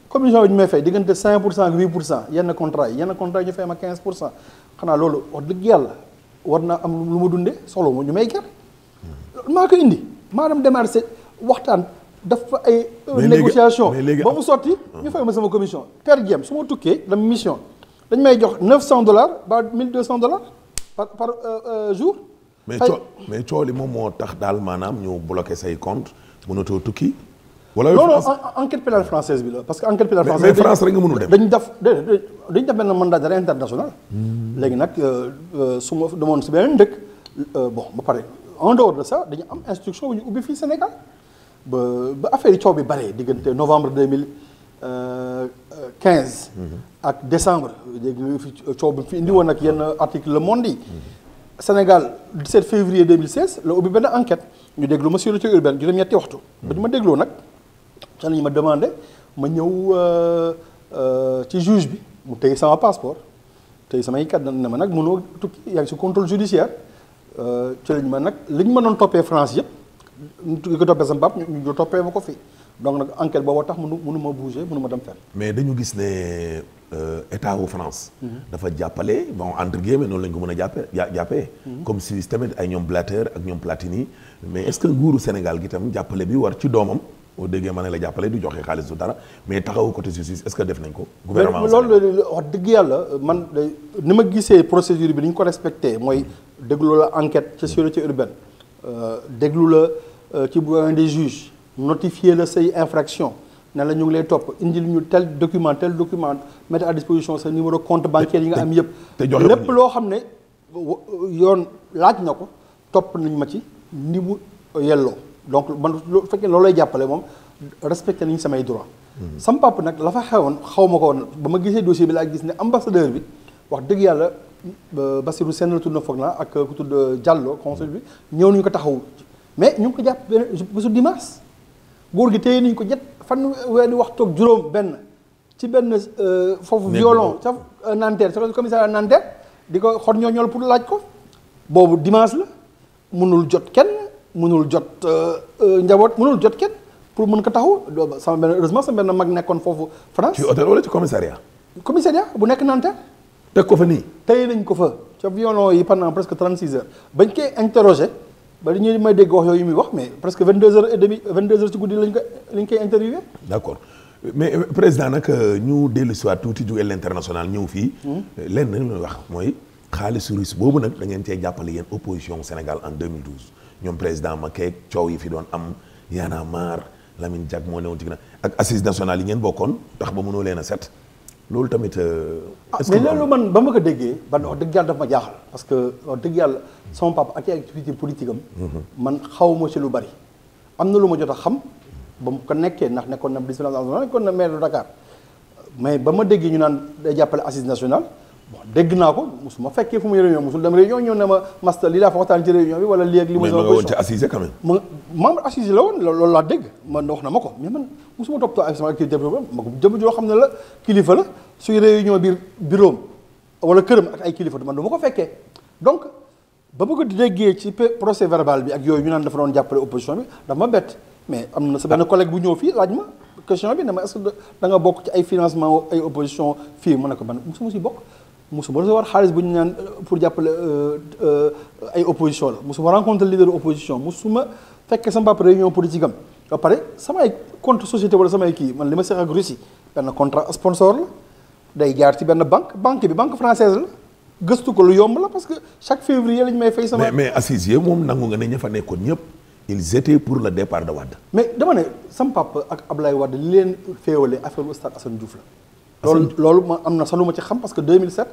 commission bi ñu may fay diggante cinq pour cent ak huit pour cent yenn contrat yi yenn contrat yi ñu fay ma quinze pour cent xanaa loolu wax dëgg yàlla war naa am lu ma dundee solo ma ñu may ger hmm. indi maanaam démarré sa waxtaan fa ay euh, négociation ba mu sotti ñu fay ma sama commission per diem su ma tukkee dama mission dañ may jox neuf cent dollars ba mille deux cent dollars par par euh, euh, jour mais coo mais coo li moom moo tax daal maanaam ñu bloqué say compte mënatoo tukki wala non non enquête pénale française bi la parce que enquête pénale française mais France rek nga mënul dem dañu def dañu def benn mandat d'arrêt international hmm. léegi nag su ma demoon si beneen dëkk bon ba pare en dehors de sax dañu am instruction bu ñu ubbi fii Sénégal ba ba affaire yi bi bare diggante novembre deux mille euh, quinze. Mm-hmm. ak décembre dégg nga fi coow bi fi indi woon ak yenn article Le Monde yi. Mm-hmm. Sénégal 17 février 2016 la ubbi benn enquête ñu déglu ma sûreté urbaine juróom-ñetti waxtu. ba ñu ma mm-hmm. dégloo nag ca la ñu ma demande ma ñëw euh, euh, ci juge bi mu tey sama passeport tey samay kat na ma nag mënoo tukki yaa ngi si contrôle judiciaire. Euh, ci lañ ma nag li ñu mënoon toppee France yëpp ñu ko toppee Zimbabwe ñu toppee ma ko fi donc nag enquête booboo tax mënu mënu ma bouger mënu ma dem fenn. mais dañu gis ne euh, état wu France. Mhm. dafa jàppale bon entre guillemets noonu la ñu ko mën a jàppee jàppe mhm. comme si tamit ay ñoom Blatter ak ñoom Platini mais est-ce que nguuru Sénégal gi tam jàppale bi war ci doomam. boo déggee ma ne la jàppale du joxe xaalis du dara mais taxawu côté justice est-ce que def nañ ko. gouvernement loolu wax dëgg yàlla man ni ma gisee procédure bi ni ñu ko respecté mooy déglu la enquête ci sûreté urbaine euh, déglu la euh, ci des juges notifier la say infraction ne la ñu ngi lay topp indil ñu tel document tel document mettre à disposition sa numéro compte bancaire yi nga am yëpp. te lépp loo xam ne yoon laaj na ko topp nañ ma ci ndimu mu yelloo. donc man lu fekkee loolu lay jàppale moom respecté nañu samay droit sama papa nag la fa xewoon xaw ma ko ba ma gisee dossier bi laa gis ne ambassadeur bi wax dëgg yàlla Bassirou Sène la tudd na foog na ak ku tudd euh, Diallo consul bi ñëw nañu ko taxaw mais ñu ngi ko jàpp bésu dimanche góor gi téye nañu ko jet fan weer di wax toog juróom benn ci benn euh, foofu violon ca euh, Nanterre ca commissariat Nanterre di ko xot ñoo ñool pour laaj ko boobu dimanche la mënul jot kenn mënul jot euh, euh, njaboot mënul jot kenn pour mën ko taxaw sama benn heureusement sama mag nekkoon foofu France. ci hôtel ci commissariat. commissariat bu nekk Nanterre. teg ko fa nii. tey nañ ko fa ca violon yi pendant presque 36 heures bañ koy interroger ba li ñu may dégg wax yooyu muy wax mais presque 22 heures et demi 22 heures ci guddi lañ koy interviewé. d' mais euh, président nag ñu dellu si waat tuuti jóge l'international ñëw fii. Hmm. lenn li wax mooy xaalisu russe boobu nag da ngeen cee jàppale yéen opposition Sénégal en 2012. ñoom président Macky coow yi fi doon am Y'en a marre Lamine Diack moo newoon ci ginnaaw ak assise nationale yi ngeen bokkoon tax ba mënoo leen a set loolu tamit. Euh, est-ce ah, mais loolu man ba ma ko déggee ban wax dëgg yàlla daf ma jaaxal parce que wax dëgg yàlla sama papa ak activité politique am. Mhm. man xaw ma ci lu bari. am na lu ma jot a xam ba mu ko nekkee ndax nekkoon na 19 ans nekkoon na maire de mais ba ma déggee ñu naan day jàppale assise national bon dégg naa ko mosuma fekkee fu muy réunion mosul dem réunion ma master lii laa fa waxtaan ci réunion bi wala lii ak li ma. mais nga woon ci assise quand même. ma membre assise la woon loolu laa dégg man na ma ko mais man mosuma toppatoo ak sama activité développement ma joo xam ne la kilifa la suy réunion biir wala këram ak ay kilifa man du ma ko fekkee donc ba ma ko déggee ci procès verbal bi ak yooyu ñu naan dafa doon jàppale opposition bi dafa ma bett mais am na sa benn ah. collègue bu ñëw fii laaj ma. question bi ne ma est-ce nga bokk ci ay financement ay opposition fii mu ne ko man mosuma si bokk. musuma recevoir xaalis bu ñu naan euh, pour jàppale euh, euh, ay opposition la musuma rencontre leader opposition musuma fekk sama papa réunion politique am ba pare samay compte société wala samay kii man li ma seq ak Russie benn contrat sponsor la day jaar ci benn banque banque bi banque française la gëstu ko lu yomb la parce que chaque février la ñu may fay sama. mais mais assises moom nangu nga ne ña fa nekkoon ñëpp. ils étaient pour le départ de Wade. mais dama ne sama papa ak Ablaye Wade li leen féewale affaire Stade Assane Diouf la. loolu loolu ma am na sax lu ma ci xam parce que 2007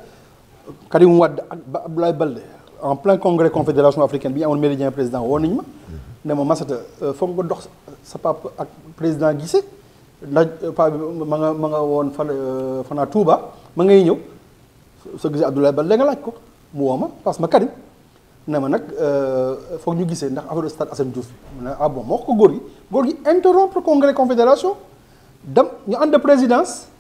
Karim Wade ak ba Abdoulaye Baldé en plein congrès confédération africaine bi ñu amoon méridien président woo ma mhm. ne ma Massata euh, foog nga dox sa papa ak président Guissé ndax euh, pa bi ma nga ma nga woon fan euh, fanaa Touba ma ngay ñëw sa gisee Abdoulaye Baldé nga laaj ko mu woo ma parce que ma Karim ne ma nag foog ñu gisee ndax affaire stade Assane Diouf bi ah bon ma wax ko góor gi góor gi interrompre congrès confédération dem ñu ànd présidence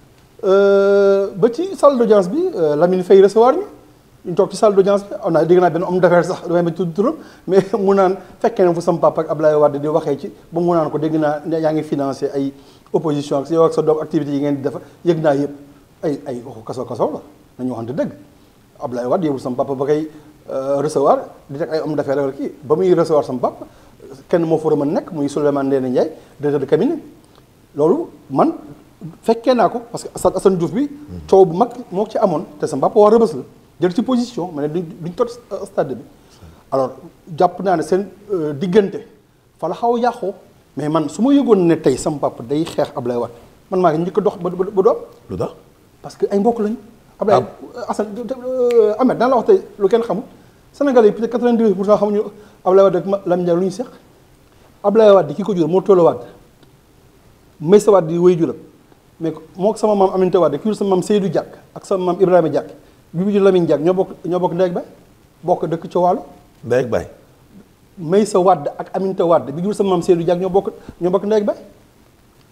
Euh, ba ci salle d'audience bi euh, Lamine Faye recevoir ñu ñu toog ci salle d'audience bi am naa dégg naa benn homme d'affaires sax damay bañ tudd turam [LAUGHS] mais mu naan fekkee na fu sama papa ak Abdoulaye Wade di waxee ci ba mu ko dégg naa yaa ngi financé ay opposition ak yow ak sa doom activité yi ngeen di def yëg naa yëpp ay ay waxu kaso kaso la nañu waxante dëgg Abdoulaye Wade yóbbu sama papa ba koy euh, recevoir di teg ay om d'affaires ak kii ba muy recevoir sama papa kenn moo fa mën nekk muy Souleymane Ndéné Ndiaye directeur de cabinet loolu man fekkee naa ko parce que Assane Assane Diouf bi coow bu mag moo ci amoon te sa mbàpp waa rëbës la jël ci position ma ne duñ duñ tot stade bi alors jàpp naa ne seen euh, diggante fa la xaw a yàqoo mais man su ma yëgoon ne tey sama papa day xeex Ablaye Wade man maa ngi njëkk dox ba ba doom lu tax parce que ay mbokk lañu. Ablaye ah. Assane euh, euh, Ahmed daan la wax tey lu kenn xamul Sénégalais yi peut être 92 pour cent xamuñu Ablaye Wade ak Lamine Diack lu ñu seq Ablaye ki ko jur moo tolluwaat Meysa Wade di wéy juram. mais moo sama maam Aminata Wade ku sama maam Seydou Diack ak sama maam Ibrahima Diack Bibi Lamine Diack ñoo bokk ñoo bokk ndey ak baay bokk dëkk ca Waalo ndey ak baay Maysa Wade ak Aminata bi jur sama maam Seydou Diack ñoo bokk ñoo bokk ndey ak baay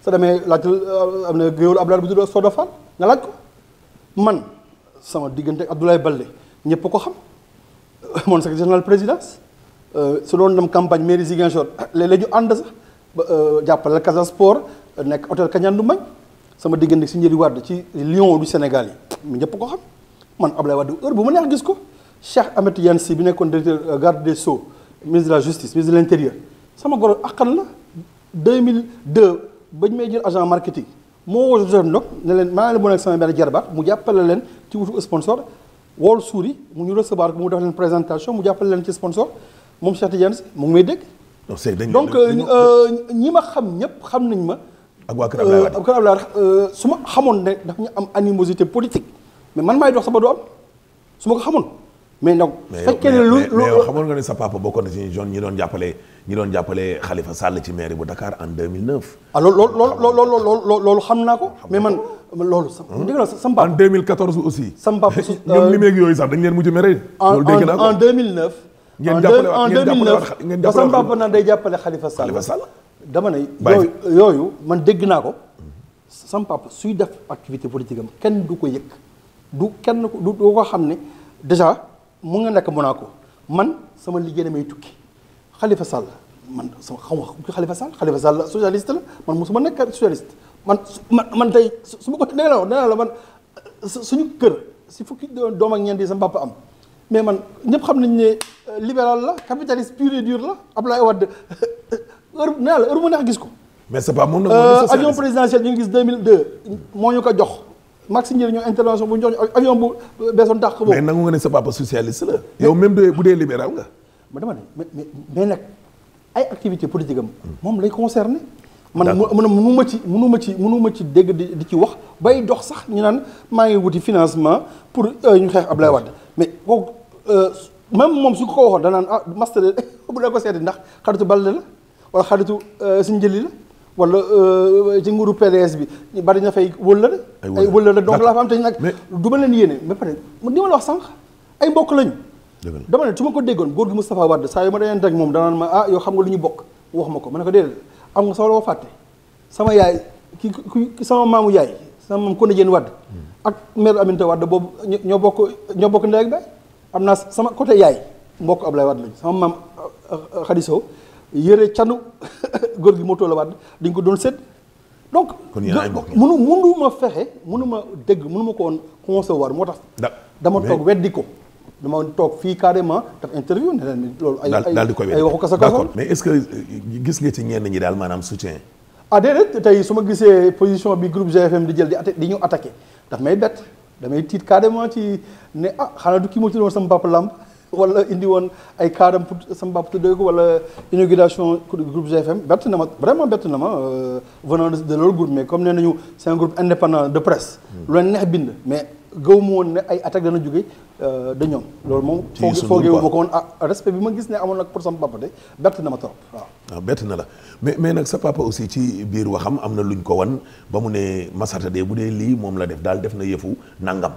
sa demee laajtal euh, am na ab Abdoulaye bu tudd Sodo Fall nga laaj ko man sama diggante ak Abdoulaye Baldé ñëpp ko xam [LAUGHS] mon secrétaire général présidence euh, su doon dem campagne mairie Ziguinchor [COUGHS] léeg-léeg ñu ànd sax euh, jàppale Casa Sport nekk hôtel Kañaan du Mbañ sama diggante si njëriñ Wade ci lion du Sénégal yi mu ñëpp ko xam man Ablaye Wade heure bu ma neex gis ko Cheikh Ahmed Tidiane Sy bi nekkoon directeur euh, garde de Sceaux ministre de la justice ministre de l' intérieur sama goro akkan la bañ may jël agent marketing moo woo Joseph Ndong ne leen maa ngi leen boole ak sama benn jarbaat mu jàppale leen ci wutu sponsor wool suuri mu ñu recevoir ko mu def leen présentation mu jàppale leen ci sponsor moom Cheikh Tidiane Sy mu ngi may dégg. donc euh, euh, ñi ma xam ñëpp xam nañ ma. ak waa Kër Abdoulaye Wade ak euh, Kër euh, su ma xamoon ne daf ñu am animosité politique mais man maay dox sama du am su ma ko xamoon mais nag. Ah, xam naa ko. mais man loolu. Hmm? dégg naa sama papa sama papa su ñoom euh, limeeg yooyu sax dañ leen mujj mere. loolu dégg naa ko en en 2009. ngeen jàppale waat ngeen jàppale waat ngeen jàppale waat day jàppale Khalifa Sall. dama ne. yooyu yooyu man dégg naa ko. sam papa suy def activité politique am kenn du ko yëg du kenn du ko xam ne déjà mu nga nekk a ko man sama liggéey damay tukki xalifa Sall man su xaw Khalifa Sall Khalifa Sall socialiste la man mosuma nekk socialiste man man tey su ma ko nee la wax la man suñu kër si fukki doom ak ñeent yi sama papa am. mais man ñëpp xam nañ ne euh, libéral la capitaliste pur et dur la Abdoulaye Wade [LAUGHS] heure nee naa la heure mu ko. mais c'est pas moom nag euh, avion présidentiel ñu ngi gis moo ñu ko jox. Maxime Ndiaye ñoo intervention bu ñu jox avion bu beesoon dàq boobu. mais nangu nga ne sa papa socialiste la. yow même de bu dee libéral nga. ma dama ne mais mais nag activité politique am. moom lay concerné. man man mënu ma ci mënu ma ci mënu ma ci dégg di ci wax bay dox sax ñu naan maa ngi wuti financement pour euh, ñu xeex Abdoulaye Wade mais kooku euh, même moom su ko ko waxoon danaan ah master [LAUGHS] bu la ko seeti ndax xaritu Balde la. wala xaritu euh, suñu jëli la wala euh, ci nguuru PDS bi ñu bari na fay wëllëre ay wëllëre donc la fa am te nag du ma leen yéene ba pare ni ma la wax sànq ay mbokk lañu dama ne su ma ko déggoon góor gi Moustapha Wade saa yu ma dayeen rek moom danaan ma ah yoo xam nga lu ñu bokk wax ma ko ma ne ko déedéet am nga solo fàtte sama yaay ki ki sama maamu yaay sama maam Koné Diène Wade hmm. ak mère Aminata Wade boobu ñoo bokk ñoo bokk ndey ak am naa sama côté yaay mbokk Ablaye Wade lañu sama maam euh, Khady Sow yére canu [LAUGHS] góor gi moto la waat dañ ko doon sedd donc munu munu ma fexe munu ma dégg munu ma ko woon concevoir moo tax dama toog weddi ko dama toog fii carrément daf interview ne leen loolu ay daal di koy ay waxu kasa kasa mais est-ce que euh, gis nga ci ñenn ñi daal maanaam soutien ah déedéet tey su ma gisee position bi groupe GFM di jël di di ñu attaqué daf may bett damay tiit carrément ci ne ah xanaa du kii moo ci sama papa lamb wala indi woon ay kaaram pour sama bàpp tuddee ko wala inauguration groupe GFM bett na ma vraiment bett na ma euh, venant de leur groupe mais comme nee nañu c' groupe indépendant de presse. Hmm. lu leen neex bind mais gaw ma woon ne ay attaque dana juge euh, de ñoom. loolu moom foogee foogee ma ko woon a ah, respect bi ma gis ne amoon nag pour sama papa de bett na ma trop waaw. waaw ah, bett la mais mais nag sa papa aussi ci biir waxam am na luñ ko woon ba mu ne Massata de bu dee lii moom la def daal def na yëfu nangam.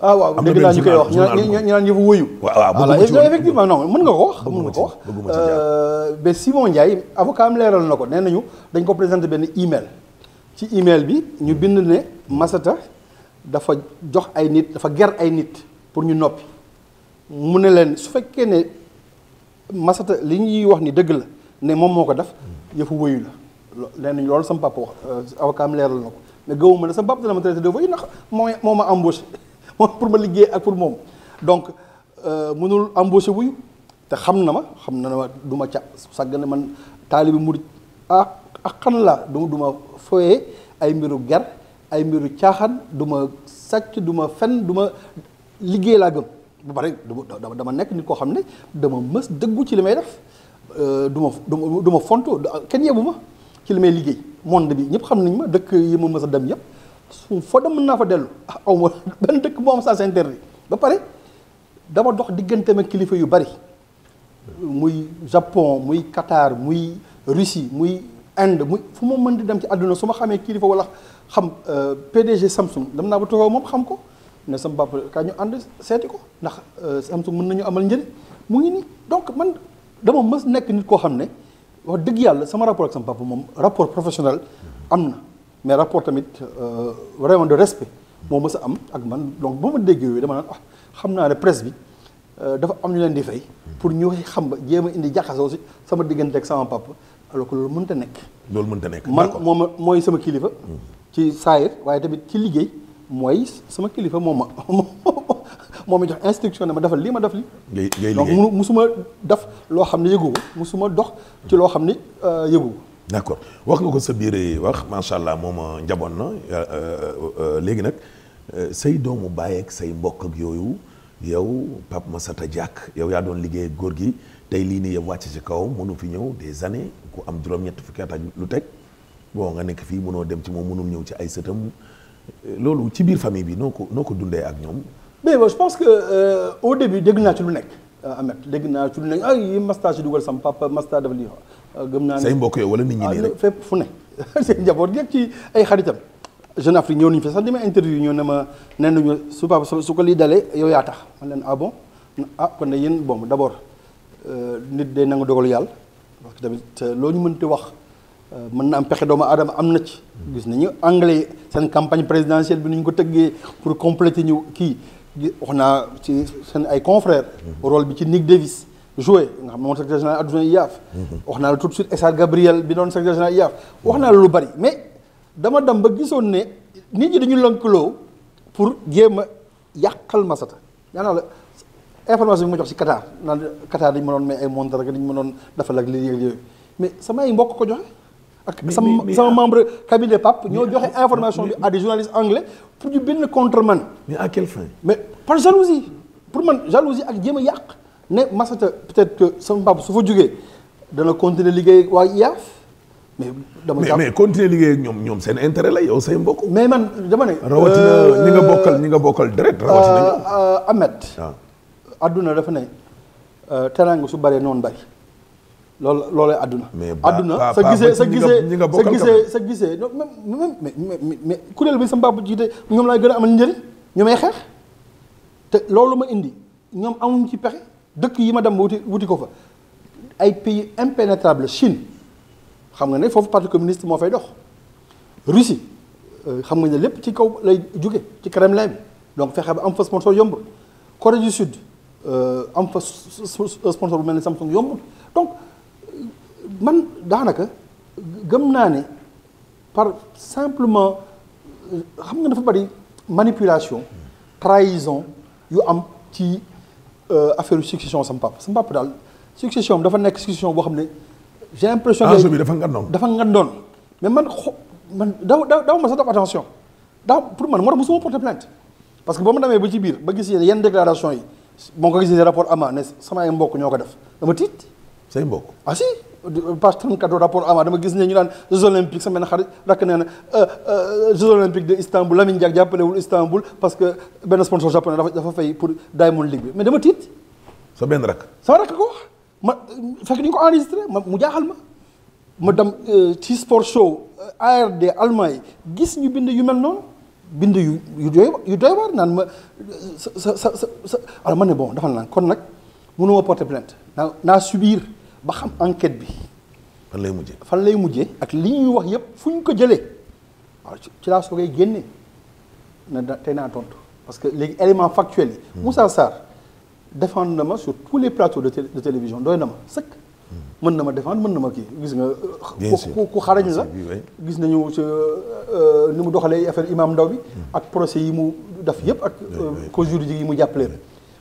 ah waaw dégg naa ñu koy wax ñu naan ñu fa wuyu. waaw waaw effectivement non mën nga ko wax. mën nga ko wax euh, mais Simon Ndiaye avocat am leeral na ko nee nañu dañ ko présenté benn email. ci email bi ñu bind ne Massata dafa jox ay nit dafa ger ay nit pour ñu noppi mu ne leen su fekkee ne Massata li ñuy wax ni dëgg la ne moom moo ko def yëfu wëyu la nee nañu loolu sama papa wax euh, avocat am leeral na ko mais gëwuma ne sama papa dina ma traité de voyou ndax moo moo ma embauché. [LAUGHS] pour ma liggéey ak pour moom donc euh, mënul embauché wuyu te xam na ma xam na ma du ma ca ne man taalibi mu ah ak ah, xan la du duma ma foyee ay mbiru ger ay mbiru caaxaan du ma sàcc du ma fen du ma liggéey laa gëm ba pare dama dama nekk nit koo xam ne dama mës dëggu ci li may def euh, du ma du ma fonto kenn yebu ma ci li may liggéey monde bi ñëpp xam nañ ma dëkk yi ma mës a dem yëpp su foo dem mën naa fa dellu ah aw ma [LAUGHS] benn dëkk moo am sens ba pare dama dox digganteem ak kilifa yu bari muy Japon muy Qatar muy Russie muy Inde muy fu ma mën di dem ci àdduna su ma xamee kilifa wala xam euh, PDG Samsung dem naa ba toogoo moom xam ko ne sam bàpp kaa ñu ànd seeti ko ndax euh, Samsung mën nañu amal njëriñ mu ngi nii donc man dama mës nekk nit koo xam ne wax dëgg yàlla sama rapport ak sama papa moom rapport professionnel am na. mais rapport tamit vraiment euh, de respect moo mës a am ak man donc bu ma déggee yooyu dama naan ah xam naa ne presse bi euh, dafa am ñu leen di fay pour ñu xam ba jéem a indi jaxasoo si sama diggante ak sama papa alors que loolu mënta nekk. loolu mënta nekk man moom mooy sama kilifa. Hmm. ci saayir waaye tamit ci liggéey mooy sama kilifa moom ma [LAUGHS] moom ma jox instruction ne ma defal lii ma def li ngay liggéey donc musuma def loo xam ne yëgu ko musuma dox ci loo xam ne euh, yëgu d' accord wax nga ko sa biir wax macha allah moom njaboon na euh, euh, léegi nag euh, say doomu baay ak say mbokk ak yooyu yow Pape Massata Diack yow yaa doon liggéey góor gi tey lii nii yow wàcc ci kaw mënu fi ñëw des années ku am juróom-ñett fukki lu teg bon nga nekk fii mënoo dem ci moom mënul ñëw ci ay sëtam loolu ci biir famille bi noo ko noo ko dundee ak ñoom. mais je pense que euh, au début dégg naa ci lu nekk Ahmed dégg naa ci lu nekk ay Masta si dugal sam papa Masta dafa lii Euh, gëm naa ne say mbokk yow wala nit ñi nii ah, rek fépp fu ne [LAUGHS] seen njaboot gépp ci ay xaritam Jeune Afrique ñëw nañu fa sax di ma interview ñoo ne ma nee nañu su papa su ko lii dalee yow yaa tax ma leen ah bon ah kon ne yéen bon d' abord euh, nit de nangu dogalu yàlla parce que tamit euh, loo ñu mënti wax mën na am pexe doomu aadama am na ci. gis ñu anglais seen campagne présidentielle bi ni ñu ko tëggee pour compléter ñu kii wax naa ci seen ay confrères. Mm-hmm. rôle bi ci ni Davis. joué nga xam ne moom secrétaire général adjoint IAAF. wax naa la tout de suite Essar Gabriel bi doon secrétaire général IAAF wax naa la lu bari mais dama dem ba gisoon ne nit ñi dañu loo pour jéem a yàqal Massata naa la information bi ma jox si Qatar naan Qatar dañu mënoon may ay montarga dañu mënoon defal ak lii yëg yooyu mais sama ay mbokk ko joxe ak sama sama ah. membre cabinet Pape ñoo joxe ah, information bi à des journalistes anglais pour ñu bind contre man mais à quelle fin par jalousie pour man jalousie ak jéem a yàq ne Massata peut-être que sama papa su fa jógee dana continuer liggéey ak waa IAAF. mais dama jàpp mais mais continuer liggéey ak ñoom ñoom seen intérêt la yow say mbokk. mais man dama ne. rawatina euh, ñi nga bokkal ñi nga bokkal deret. Euh, rawatina ñoom euh, Ahmed. Ah. adduna dafa ne. teraanga su bëree noonu bëri. loolu loolay adduna. mais adduna sa gisee sa gisee sa gisee sa gisee même mais mais kuréel bi sama papa jiite ñoom laay gën a amal njëriñ ñoom ay xeex te loolu ma indi ñoom amuñ ci pexe. dëkk yi ma dem wuti wuti ko fa ay pays impénétrable Chine xam nga ne foofu parti communiste moo fay dox Russie euh, xam nga ne lépp ci kaw lay jóge ci Kremlin bi donc fexe ba am fa sponsor yombul Corée du Sud euh, am fa sponsor bu mel ni Samsung yombul donc euh, man daanaka gëm naa ne par simplement xam nga dafa bari manipulation trahison yu am ci Euh, affaire succession sama papa sama papa daal succession dafa nekk succession boo xam ne. j'ai l'impression que bi dafa ngandoon dafa ngandoon mais man xo man daw daw ma sax def attention daaw pour man moo tax mosuma porter plainte parce que ba ma demee ba ci biir ba gis yenn déclaration yi moo ko gis rapport ama ne sama ay mbokk ñoo ko def dama tiit. say mbokk ah page 34 rapport avant dama gis ne ñu naan Jeux olympiques sama benn xarit rakk nee na Jeux olympiques de Istanbul Lamine Diack jàppalewul Istanbul parce que benn sponsor japonais dafa dafa fay pour Diamond lig bi mais dama tiit. sa benn rakk. sama rakk ko ma fekk ñu ko enregistré ma mu jaaxal ma ma dem ci sport show ARD Allemagne yi gis ñu bind yu mel noonu. bind yu yu doy yu doy waar naan ma sa sa sa sa alors ma ne bon dafa naan kon nag mënuma porter plainte naa naa ba xam enquête bi. fan lay mujjee fan lay mujjee ak li ñuy wax yëpp fu ñu ko jëlee waaw ci laa soogay génne na da tey naa tontu parce que léegi élément factuel yi. Hmm. Moussa Sarr défendre na ma sur tous les plateaux de télé de télévision dooy na ma sëkk. Hmm. mën na ma défendre mën na ma kii gis nga. ku ku xarañ la gis nañu ci euh, mu doxalee affaire imam Ndaw bi. Hmm. ak procès yi mu def yëpp ak. Euh, cause juridique yi mu jàppale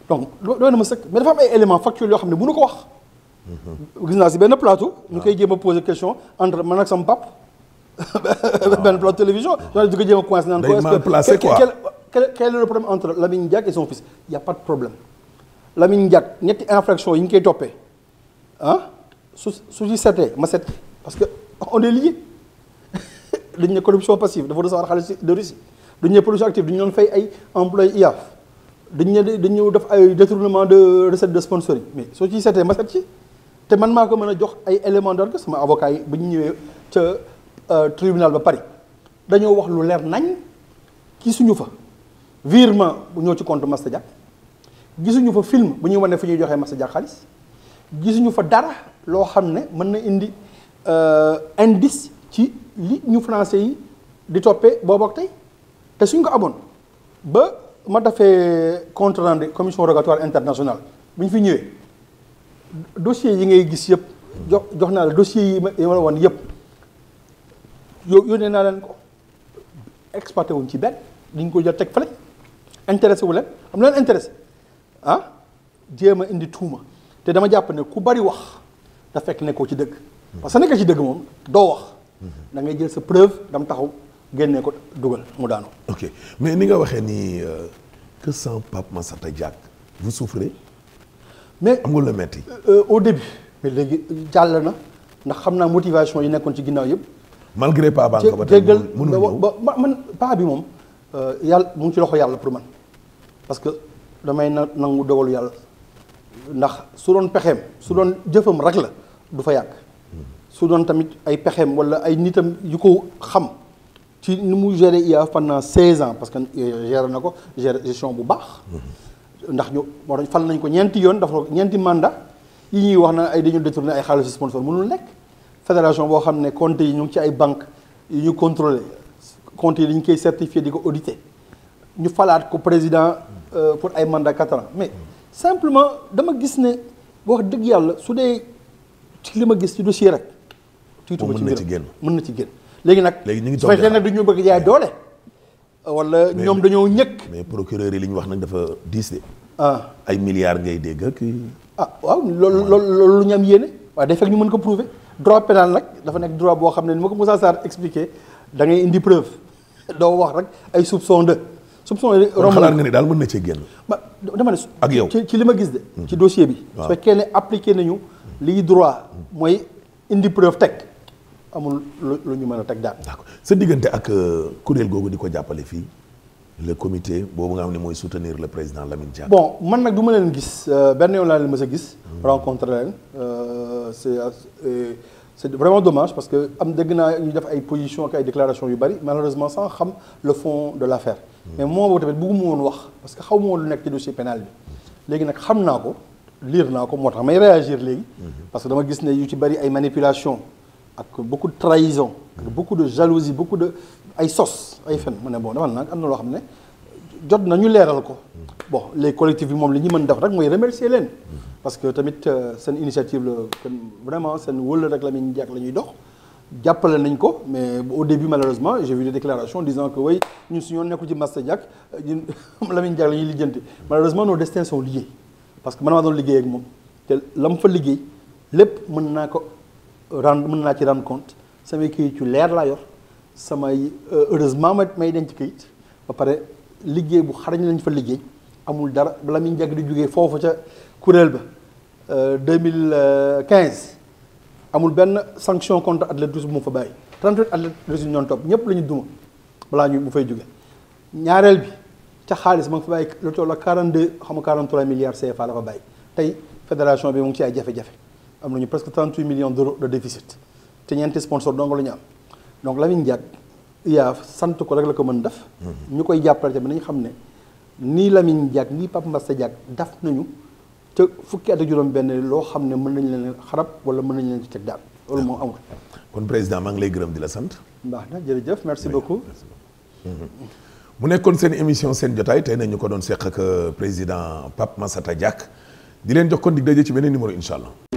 donc doy na ma sëkk mais dafa am ay éléments factuels yoo xam ne mënu ko wax. gis naa si benn plateau. Ah. ñu koy jéem a poser question man ak sama [LAUGHS] benn plateau télévision. waaw ah. di ko jéem a coincé naan ko est-ce que placé quoi quel quel est le problème entre Lamine Diack et son fils y a problème Lamine Diack ñetti infraction yi ñu koy toppee ah su su ci setee ma set parce que [LAUGHS] on est lié [LAUGHS] dañ ne corruption passive dafa recevoir xaalis de Russie dañ ne corruption active dañu doon fay ay dañ ne def ay détournement de recette de sponsoring mais soo ciy setee ma set ci. te man maa ko mën a jox ay élément d'ordre sama avocat yi bu ñu ñëwee ca euh, tribunal ba Paris dañoo wax lu leer nañ gisuñu fa virement bu ñëw ci compte Massa Diack gisuñu fa film bu ñuy wane fu ñuy joxee Massa Diack xaalis gisuñu fa dara loo xam ne mën na indi euh, indice ci li ñu français yi di toppee boobu ak tey te suñ ko amoon ba ma defee compte rendu commission rogatoire internationale bu ñu fi ñëwee. dossier yi ngay gis yëpp jox jox naa la dossier yi ma la woon yëpp yo yónnee naa leen ko exploité wuñ ci benn dañ ko jël teg fële intéressé wu leen xam leen intéressé ah jéem a indi tuuma te dama jàpp ne ku bari wax da fekk nekkoo ci dëgg parce que nekk ci dëgg moom doo wax da ngay jël sa preuve dam taxaw génnee ko dugal mu daanoo ok mais ni nga waxee nii euh, que sans Pape Massata Diack vous souffrez mais am nga la metti euh, au début mais léegi jàll na ndax xam naa motivation yi nekkoon ci ginnaaw yëpp. malgré pas banque ba tey mënul ñëw ba man pas bi moom euh, yàlla mu ci loxo yàlla pour man parce que damay na nangu dogalu yàlla ndax su doon pexeem su doon jëfam rek la du fa yàgg su doon tamit ay pexeem wala ay nitam yu ko xam ci ni mu gérer IAAF pendant seize ans parce que géré na ko géré gestion bu baax. ndax ñu moo tax fal nañ ko ñeenti yoon dafa ñeenti mandat yi ñuy wax na ay dañu détourné ay xaalis sponsor mënul nekk fédération boo xam ne comptes yi ñu ci ay banque yu ñu contrôlé comptes yi dañu koy certifié di ko audité ñu falaat ko président euh, pour ay mandat quatre mais simplement dama gis ne wax dëgg yàlla su dee ci li ma gis ci dossier rek. tuuti ma ci mën na ci génn na ci génn léegi nag. léegi ñu ngi doon nag du ñu bëgg jaay doole. wala ñoom dañoo ñëkk. mais procureur yi li ñu wax nag dafa diis de. Ah. ay milliards ngay dégga ak. ah waaw loolu loolu loolu ñu am yéene waaye day fekk ñu mën ko prouver droit pénal nag dafa nekk droit boo xam ne ni ma ko Moussa Sarr expliqué da ngay indi preuve [LAUGHS] doo wax rek ay soupçon de. soupçon de romb xalaat nga ne daal mën na cee génn. ba dama ne. ak yow ci li ma gis de. Hmm. ci dossier bi. Hmm. waaw su fekkee ne appliqué nañu liy droit mooy indi preuve teg. amul lu ñu mën a teg daal. sa diggante ak euh, kuréel googu di ko jàppale fii le comité boobu nga xam ne mooy soutenir le président Lamine Diack. bon man nag du ma leen gis euh, benn yoon laa leen mës a gis. Hmm. rencontre leen euh, c'est c'est vraiment dommage parce que am dégg naa ñu def ay positions ak ay déclarations yu bari malheureusement sans xam le fond de l'affaire. Hmm. mais moom boobu tamit woon wax parce que xaw ma lu nekk ci dossier pénal bi léegi nag xam naa ko liir naa ko moo tax may réagir léegi. Hmm. parce que dama gis ne yu ci bari ay manipulation ak beaucoup de trahison ak beaucoup de jalousie beaucoup de ay sos ay fen mu ne bon defal nag am na loo xam ne jot na ñu leeral ko bon les collectifs bi moom li ñu mën def rek mooy remercier leen parce que tamit euh, seen initiative la vraiment seen wëla rek la ñu jàkk la ñuy dox jàppale nañ ko mais au début malheureusement j'ai vu des déclarations disant que way ñun suñoo nekkul ci Master Diack euh, ñun [LAUGHS] Lamine Diack la ñuy lijjanti malheureusement nos destins sont parce que man maa doon moom te la mu fa liggéey lépp mën naa ko rendre mën naa ci rendre compte samay kayit yu leer laa yor samay euh, heureusement ma may denc kayit ba pare liggéey bu xarañ lañ fa liggéey amul dara bala muy njëkk di jógee foofu ca kuréel ba 2015 euh, amul benn sanction contre athlète russe bu mu fa bàyyi 38 athlètes russes ñoon topp ñëpp la ñu duma balaa ñu mu fay jóge ñaareel bi ca xaalis ma nga fa bàyyi lu toll ak 42 xam nga 43 milliards CFA la fa bàyyi tey fédération bi mu ngi ci ay jafe-jafe. am nañu presque 38 millions d'euros de déficit te ñeenti sponsor dong la ñu am donc Lamine Diack IAAF sant ko rek la ko mën def. Mhm. ñu koy jàppale tamit nañu xam ne nii Lamine Diack nii Pape Mbassa Diack daf nañu te fukki at juróom-benn loo xam ne mën nañ leen xarab wala mën nañ leen ci teg daal loolu moom amul. kon président maa ngi lay gërëm di la sant. baax na jërëjëf merci beaucoup. mu nekkoon seen émission seen jotaay tey nañu ko doon seq ak euh, président Pape Massata Diack di leen jox kon dig daje ci beneen numéro incha allah.